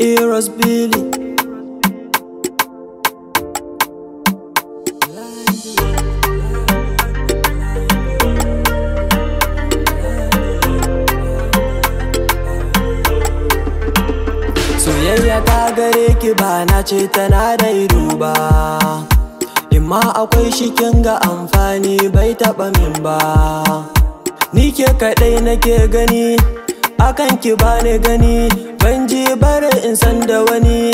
Eros Billy Soyayya ta gare ba na ce tana da ido ba Imma akwai shi ga amfani bai taɓa min ba Ni ke kaɗai nake gani akan ki bani gani ban ji bare in san da wani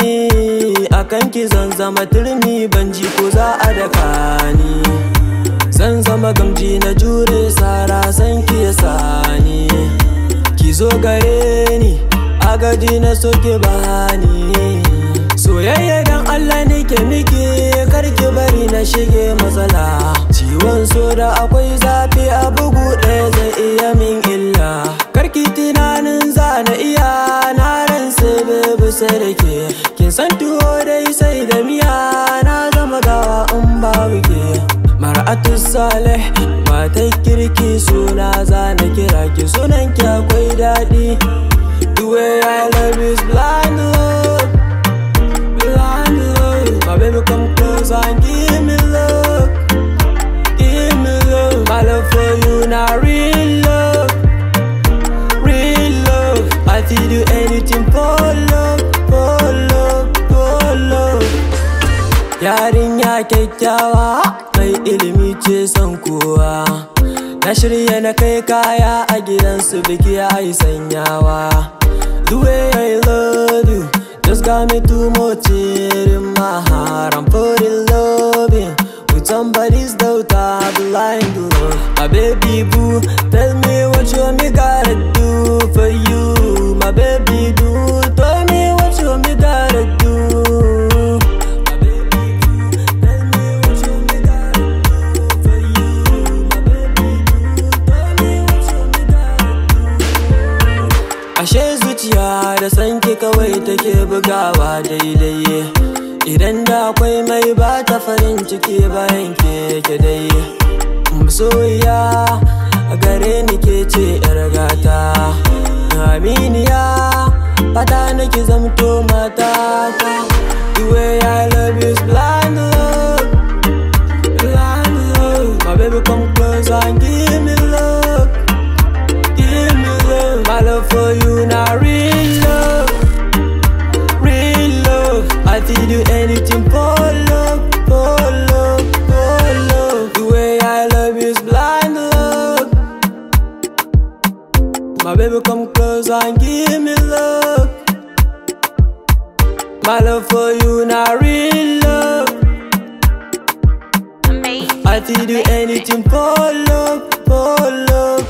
akan ki zan zama turmi ban ji ko za a daka ni zan zama gamji na jure sara san ki ya sani ki zo gare ni agaji na soke bani soyayya dan Allah ke miki kar ki bari na shige matsala ciwon so da akwai zafi a bugu ɗaya zai iya min illa Kar ki tina wuya na ransa babu sarki kin san tuwo dai sai da miya na zama gawa in babu ke mar'atu salih matar kirki suna zana kira ki sunan ki akwai daɗi the way i love is blind love blind love my baby come close and give me love give me love my love for you not real to do anything for love, for love, for love Yarinya kyakkyawa mai ilimi ce son kowa Na shirya na kai kaya a gidansu biki ya yi sanyawa The way I love you just got me too much in my heart I'm falling loving with somebody's daughter blind My baby boo, tell me kawai take bugawa daidai idan da akwai mai ba ta farin ciki bayan ke ke dai masoyiya gare ni ke ce yar gata aminiya fata nake zamto mata ta the way i love you is blind love blind love my baby come close and give me love give me love my love for you now Baby, come close and give me love. My love for you, not real love. Amazing. I would do anything for love, for love.